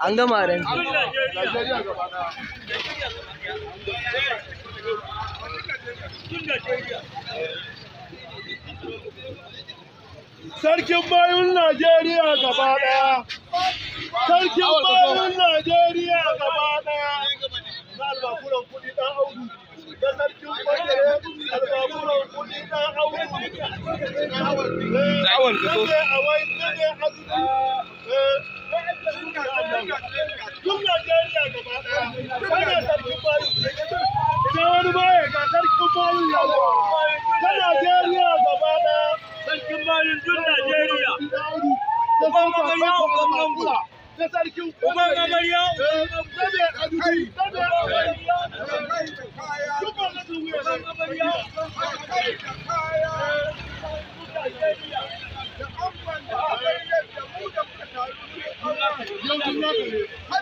An gama ran. Sarkin bayun Najeriya gaba daya Sarkin bayun kana sarkin bayu ina wani baya ga sarkin bayu ya zo ta Najeriya gaba daya sarkin bayu duk Najeriya kuma magarya uban gangu ta sarkin kuma magarya uban gangu Yau kun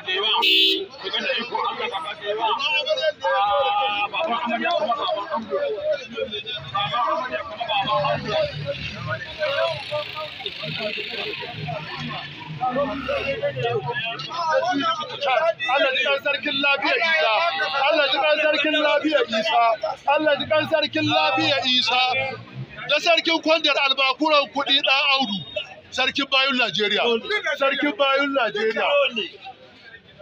da Allah ji sarkin lafiya Isa Allah ji sarkin lafiya Isa da sarkin kwandar albakuran kuɗi ɗan audu sarkin bayun Najeriya sarkin bayun Najeriya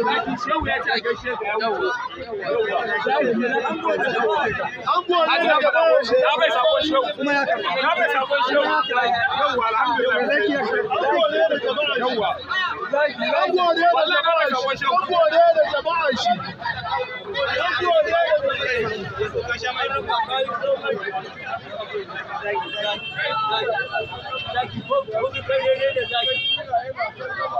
shehu ya ce a gaishe da yawo an gode da gaban shehu ya bai sakon shehu kuma ya karba ya bai sakon shehu yawa alhamdulillah an gode da gaban yawa an gode da gaban shehu an gode da gaban shi an gode da gaban shi